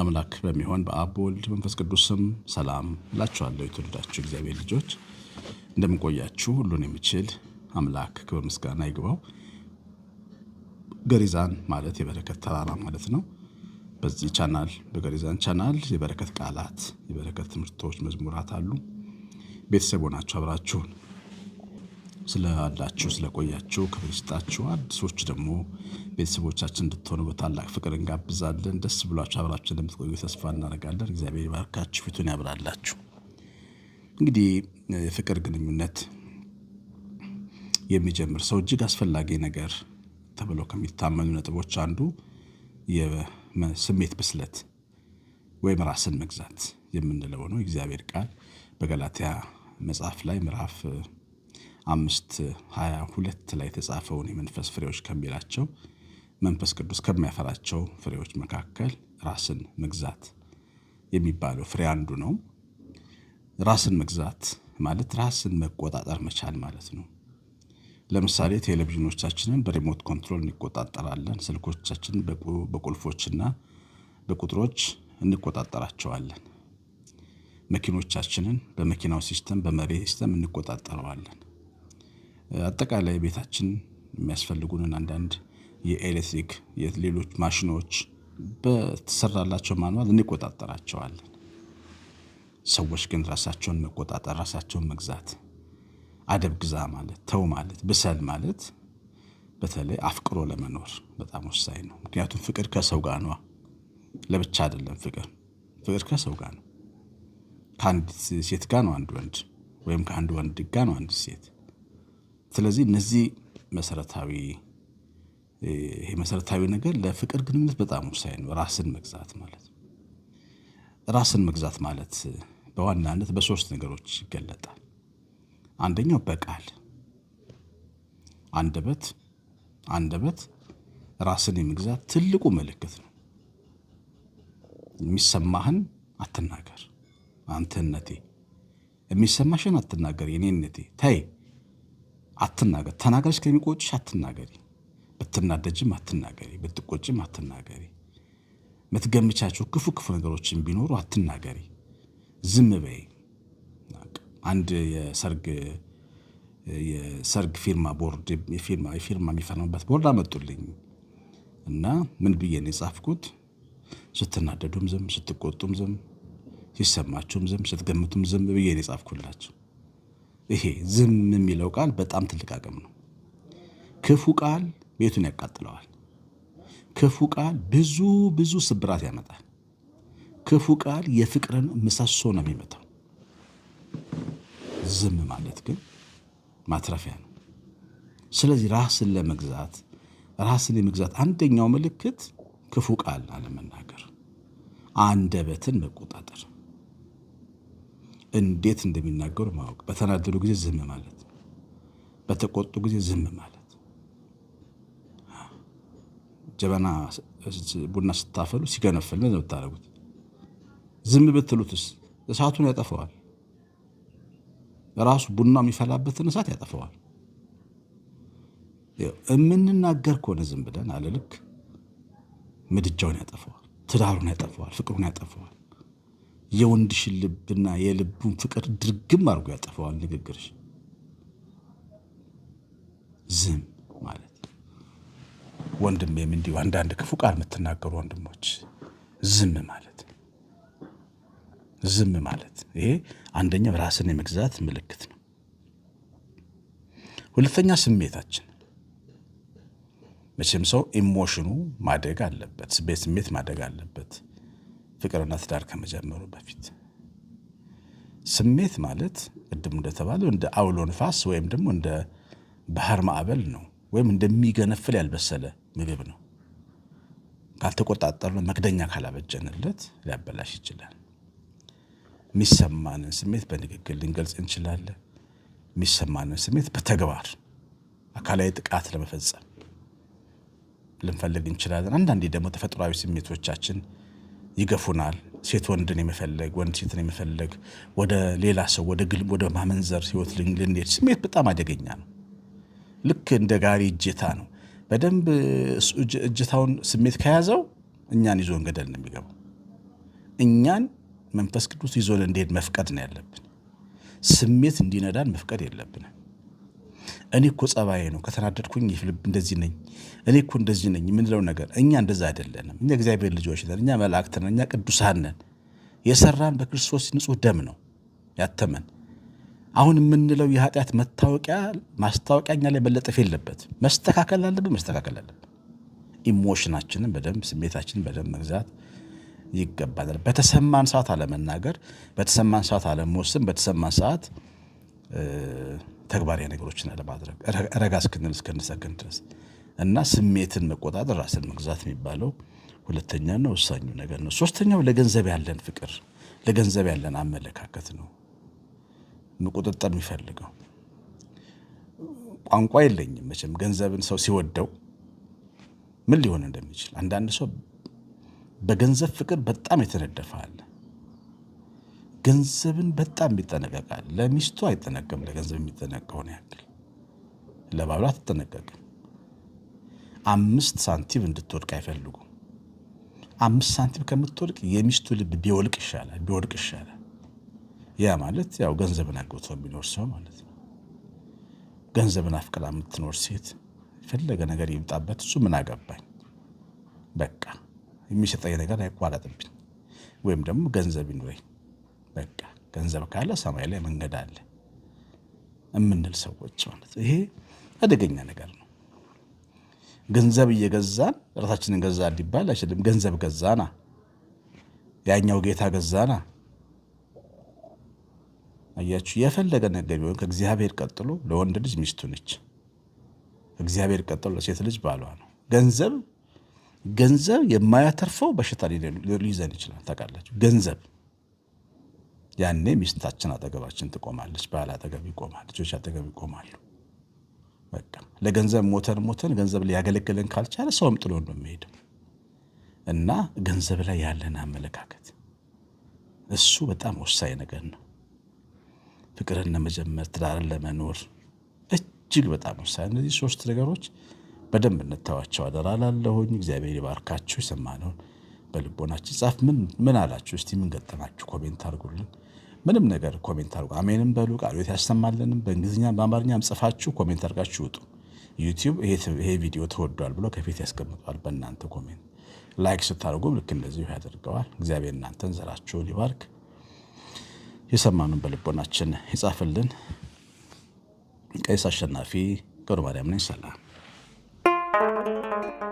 አምላክ በሚሆን በአብ ወልድ መንፈስ ቅዱስ ስም ሰላም እላችኋለሁ። የተወደዳችሁ እግዚአብሔር ልጆች እንደምንቆያችሁ፣ ሁሉን የሚችል አምላክ ክብር ምስጋና ይግባው። ገሪዛን ማለት የበረከት ተራራ ማለት ነው። በዚህ ቻናል በገሪዛን ቻናል የበረከት ቃላት፣ የበረከት ትምህርቶች፣ መዝሙራት አሉ። ቤተሰብ ሆናችሁ አብራችሁን ስለ ስለቆያችሁ ክብር ይስጣችሁ። አዲሶች ደግሞ ቤተሰቦቻችን እንድትሆኑ በታላቅ ፍቅር እንጋብዛለን። ደስ ብሏችሁ አብራችሁ እንደምትቆዩ ተስፋ እናደርጋለን። እግዚአብሔር ይባርካችሁ፣ ፊቱን ያብራላችሁ። እንግዲህ የፍቅር ግንኙነት የሚጀምር ሰው እጅግ አስፈላጊ ነገር ተብለው ከሚታመኑ ነጥቦች አንዱ ስሜት ብስለት ወይም ራስን መግዛት የምንለው ነው። እግዚአብሔር ቃል በገላትያ መጽሐፍ ላይ ምዕራፍ አምስት ሀያ ሁለት ላይ የተጻፈውን የመንፈስ ፍሬዎች ከሚላቸው መንፈስ ቅዱስ ከሚያፈራቸው ፍሬዎች መካከል ራስን መግዛት የሚባለው ፍሬ አንዱ ነው። ራስን መግዛት ማለት ራስን መቆጣጠር መቻል ማለት ነው። ለምሳሌ ቴሌቪዥኖቻችንን በሪሞት ኮንትሮል እንቆጣጠራለን። ስልኮቻችንን በቁልፎችና በቁጥሮች እንቆጣጠራቸዋለን። መኪኖቻችንን በመኪናው ሲስተም በመሬ ሲስተም እንቆጣጠረዋለን። አጠቃላይ ቤታችን የሚያስፈልጉንን አንዳንድ የኤሌክትሪክ ሌሎች ማሽኖች በተሰራላቸው ማንዋል እንቆጣጠራቸዋለን። ሰዎች ግን ራሳቸውን መቆጣጠር ራሳቸውን መግዛት አደብ ግዛ ማለት ተው ማለት ብሰል ማለት በተለይ አፍቅሮ ለመኖር በጣም ወሳኝ ነው። ምክንያቱም ፍቅር ከሰው ጋር ነው፣ ለብቻ አይደለም። ፍቅር ፍቅር ከሰው ጋር ነው። ከአንድ ሴት ጋር ነው አንድ ወንድ፣ ወይም ከአንድ ወንድ ጋር ነው አንድ ሴት። ስለዚህ እነዚህ መሰረታዊ ይሄ መሰረታዊ ነገር ለፍቅር ግንኙነት በጣም ወሳኝ ነው። ራስን መግዛት ማለት ራስን መግዛት ማለት በዋናነት በሶስት ነገሮች ይገለጣል። አንደኛው በቃል አንደበት አንደበት ራስን የመግዛት ትልቁ ምልክት ነው። የሚሰማህን አትናገር፣ አንተነቴ የሚሰማሽን አትናገር፣ የኔነቴ ተይ አትናገር። ተናገርሽ ከሚቆጭሽ አትናገሪ፣ ብትናደጅም አትናገሪ፣ ብትቆጭም አትናገሪ። የምትገምቻቸው ክፉ ክፉ ነገሮችን ቢኖሩ አትናገሪ፣ ዝም በይ። አንድ የሰርግ የሰርግ ፊርማ ቦርድ ፊርማ የሚፈርምበት ቦርድ አመጡልኝ እና ምን ብዬን የጻፍኩት? ስትናደዱም ዝም፣ ስትቆጡም ዝም፣ ሲሰማችሁም ዝም፣ ስትገምቱም ዝም ብዬን የጻፍኩላቸው። ይሄ ዝም የሚለው ቃል በጣም ትልቅ አቅም ነው። ክፉ ቃል ቤቱን ያቃጥለዋል። ክፉ ቃል ብዙ ብዙ ስብራት ያመጣል። ክፉ ቃል የፍቅርን ምሰሶ ነው የሚመጣው። ዝም ማለት ግን ማትረፊያ ነው። ስለዚህ ራስን ለመግዛት ራስን የመግዛት አንደኛው ምልክት ክፉ ቃል አለመናገር፣ አንደበትን መቆጣጠር፣ እንዴት እንደሚናገሩ ማወቅ፣ በተናደዱ ጊዜ ዝም ማለት፣ በተቆጡ ጊዜ ዝም ማለት። ጀበና ቡና ስታፈሉ ሲገነፍል ነው የምታደርጉት። ዝም ብትሉትስ እሳቱን ያጠፈዋል። ራሱ ቡና የሚፈላበትን እሳት ያጠፈዋል። የምንናገር ከሆነ ዝም ብለን አለልክ ምድጃውን ያጠፈዋል፣ ትዳሩን ያጠፈዋል፣ ፍቅሩን ያጠፈዋል። የወንድሽን ልብና የልቡን ፍቅር ድርግም አድርጎ ያጠፈዋል ንግግርሽ። ዝም ማለት ወንድሜም እንዲሁ አንዳንድ ክፉ ቃል የምትናገሩ ወንድሞች ዝም ማለት ዝም ማለት ይሄ አንደኛው ራስን የመግዛት ምልክት ነው። ሁለተኛ ስሜታችን። መቼም ሰው ኢሞሽኑ ማደግ አለበት፣ ስሜት ማደግ አለበት ፍቅርና ትዳር ከመጀመሩ በፊት። ስሜት ማለት ቅድም እንደተባለው እንደ አውሎ ንፋስ ወይም ደግሞ እንደ ባህር ማዕበል ነው፣ ወይም እንደሚገነፍል ያልበሰለ ምግብ ነው። ካልተቆጣጠር መክደኛ ካላበጀንለት ሊያበላሽ ይችላል። የሚሰማንን ስሜት በንግግር ልንገልጽ እንችላለን። የሚሰማንን ስሜት በተግባር አካላዊ ጥቃት ለመፈጸም ልንፈልግ እንችላለን። አንዳንዴ ደግሞ ተፈጥሯዊ ስሜቶቻችን ይገፉናል። ሴት ወንድን የመፈለግ፣ ወንድ ሴትን የመፈለግ፣ ወደ ሌላ ሰው ወደ ግል ወደ ማመንዘር ህይወት ልንሄድ ስሜት በጣም አደገኛ ነው። ልክ እንደ ጋሪ እጀታ ነው። በደንብ እጀታውን ስሜት ከያዘው እኛን ይዞን ገደል ነው የሚገባው እኛን መንፈስ ቅዱስ ይዞ እንዲሄድ መፍቀድ ነው ያለብን። ስሜት እንዲነዳን መፍቀድ የለብንም። እኔ እኮ ጸባዬ ነው ከተናደድኩኝ ልብ እንደዚህ ነኝ፣ እኔ እኮ እንደዚህ ነኝ የምንለው ነገር እኛ እንደዛ አይደለንም። እኛ እግዚአብሔር ልጆች ነን፣ እኛ መላእክት ነን፣ እኛ ቅዱሳን ነን። የሰራን በክርስቶስ ንጹህ ደም ነው ያተመን። አሁን የምንለው የኃጢአት መታወቂያ ማስታወቂያ እኛ ላይ መለጠፍ የለበት። መስተካከል አለብን፣ መስተካከል አለብን። ኢሞሽናችንን በደንብ ስሜታችንን በደንብ መግዛት ይገባናል። በተሰማን ሰዓት አለመናገር፣ በተሰማን ሰዓት አለመወሰን፣ በተሰማን ሰዓት ተግባራዊ ነገሮችን አለማድረግ ረጋ እስክንል እስክንሰክን ድረስ እና ስሜትን መቆጣጠር ራስን መግዛት የሚባለው ሁለተኛና ወሳኙ ነገር ነው። ሶስተኛው ለገንዘብ ያለን ፍቅር፣ ለገንዘብ ያለን አመለካከት ነው ቁጥጥር የሚፈልገው ቋንቋ የለኝም መቼም ገንዘብን ሰው ሲወደው ምን ሊሆን እንደሚችል አንዳንድ ሰው በገንዘብ ፍቅር በጣም የተነደፋል። ገንዘብን በጣም ይጠነቀቃል። ለሚስቱ አይጠነቅም፣ ለገንዘብ የሚጠነቀውን ያክል ለባሏ አትጠነቀቅም። አምስት ሳንቲም እንድትወድቅ አይፈልጉም። አምስት ሳንቲም ከምትወድቅ የሚስቱ ልብ ቢወልቅ ይሻላል፣ ቢወድቅ ይሻላል። ያ ማለት ያው ገንዘብን አግብቶ የሚኖር ሰው ማለት ነው። ገንዘብን አፍቅራ የምትኖር ሴት የፈለገ ነገር ይምጣበት፣ እሱ ምን አገባኝ በቃ የሚሰጠኝ ነገር አይቋረጥብኝ፣ ወይም ደግሞ ገንዘብ ይኑረኝ። በቃ ገንዘብ ካለ ሰማይ ላይ መንገድ አለ የምንል ሰዎች ማለት ይሄ አደገኛ ነገር ነው። ገንዘብ እየገዛን ራሳችንን ገዛ ሊባል አይችልም። ገንዘብ ገዛና ያኛው ጌታ ገዛና አያችሁ የፈለገ ነገር ቢሆን ከእግዚአብሔር ቀጥሎ ለወንድ ልጅ ሚስቱ ነች። ከእግዚአብሔር ቀጥሎ ለሴት ልጅ ባሏ ነው። ገንዘብ ገንዘብ የማያተርፈው በሽታ ሊይዘን ይችላል። ታውቃላችሁ ገንዘብ ያኔ ሚስታችን አጠገባችን ትቆማለች፣ ባል አጠገብ ይቆማል፣ ልጆች አጠገብ ይቆማሉ። በቃ ለገንዘብ ሞተን ሞተን ገንዘብ ሊያገለግለን ካልቻለ ሰውም ጥሎ ነው የሚሄደው እና ገንዘብ ላይ ያለን አመለካከት እሱ በጣም ወሳኝ ነገር ነው። ፍቅርን ለመጀመር ትዳርን ለመኖር እጅግ በጣም ወሳኝ እነዚህ ሶስት ነገሮች በደንብ እንተዋቸው አደራ ላለሁኝ። እግዚአብሔር ይባርካችሁ። የሰማነውን በልቦናችን ጻፍ። ምን አላችሁ እስቲ? ምን ገጠማችሁ? ኮሜንት አርጉልን ምንም ነገር ኮሜንት አርጉ። አሜንም በሉ ቃሎት ያሰማለንም። በእንግሊዝኛ በአማርኛም ጽፋችሁ ኮሜንት አድርጋችሁ ውጡ። ዩቲዩብ ይሄ ቪዲዮ ተወዷል ብሎ ከፊት ያስቀምጠዋል። በእናንተ ኮሜንት ላይክ ስታርጉ ልክ እንደዚሁ ያደርገዋል። እግዚአብሔር እናንተን ዘራችሁን ይባርክ። የሰማኑን በልቦናችን ይጻፍልን። ቀሲስ አሸናፊ ገብረ ማርያም ነኝ። ሰላም Thank you.